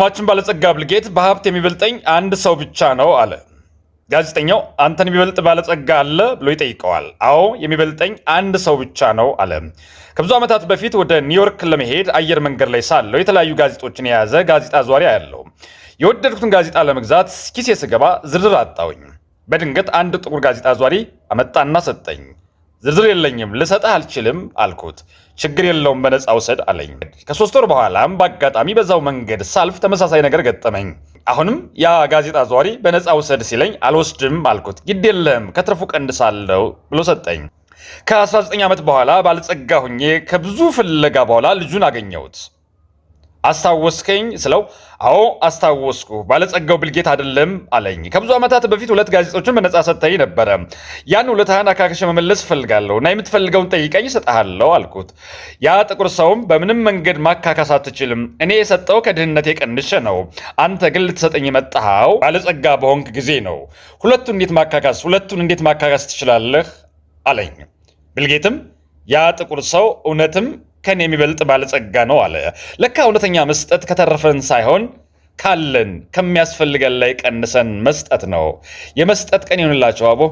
ማችን ባለጸጋ ብልጌት በሀብት የሚበልጠኝ አንድ ሰው ብቻ ነው አለ። ጋዜጠኛው አንተን የሚበልጥ ባለጸጋ አለ ብሎ ይጠይቀዋል። አዎ የሚበልጠኝ አንድ ሰው ብቻ ነው አለ። ከብዙ ዓመታት በፊት ወደ ኒውዮርክ ለመሄድ አየር መንገድ ላይ ሳለው የተለያዩ ጋዜጦችን የያዘ ጋዜጣ ዟሪ ያለው የወደድኩትን ጋዜጣ ለመግዛት ኪሴ ስገባ ዝርዝር አጣውኝ። በድንገት አንድ ጥቁር ጋዜጣ ዟሪ አመጣና ሰጠኝ። ዝርዝር የለኝም ልሰጥህ አልችልም አልኩት። ችግር የለውም በነፃ ውሰድ አለኝ። ከሶስት ወር በኋላም በአጋጣሚ በዛው መንገድ ሳልፍ ተመሳሳይ ነገር ገጠመኝ። አሁንም ያ ጋዜጣ ዘዋሪ በነፃ ውሰድ ሲለኝ አልወስድም አልኩት። ግድ የለም ከትርፉ ሳለው ብሎ ሰጠኝ። ከ19 ዓመት በኋላ ባለጸጋ ሁኜ ከብዙ ፍለጋ በኋላ ልጁን አገኘሁት። አስታወስከኝ ስለው አዎ አስታወስኩ። ባለጸጋው ብልጌት አይደለም አለኝ። ከብዙ ዓመታት በፊት ሁለት ጋዜጦችን በነጻ ሰጥተኝ ነበረ። ያን ውለታህን አካክሼ መመለስ እፈልጋለሁ እና የምትፈልገውን ጠይቀኝ እሰጥሃለሁ አልኩት። ያ ጥቁር ሰውም በምንም መንገድ ማካካስ አትችልም፣ እኔ የሰጠው ከድህነት የቀንሸ ነው። አንተ ግን ልትሰጠኝ የመጣኸው ባለጸጋ በሆንክ ጊዜ ነው። ሁለቱን እንዴት ማካካስ ሁለቱን እንዴት ማካካስ ትችላለህ አለኝ። ብልጌትም ያ ጥቁር ሰው እውነትም ከኔ የሚበልጥ ባለጸጋ ነው አለ። ለካ እውነተኛ መስጠት ከተረፈን ሳይሆን ካለን ከሚያስፈልገን ላይ ቀንሰን መስጠት ነው። የመስጠት ቀን ይሆንላቸው አቦ።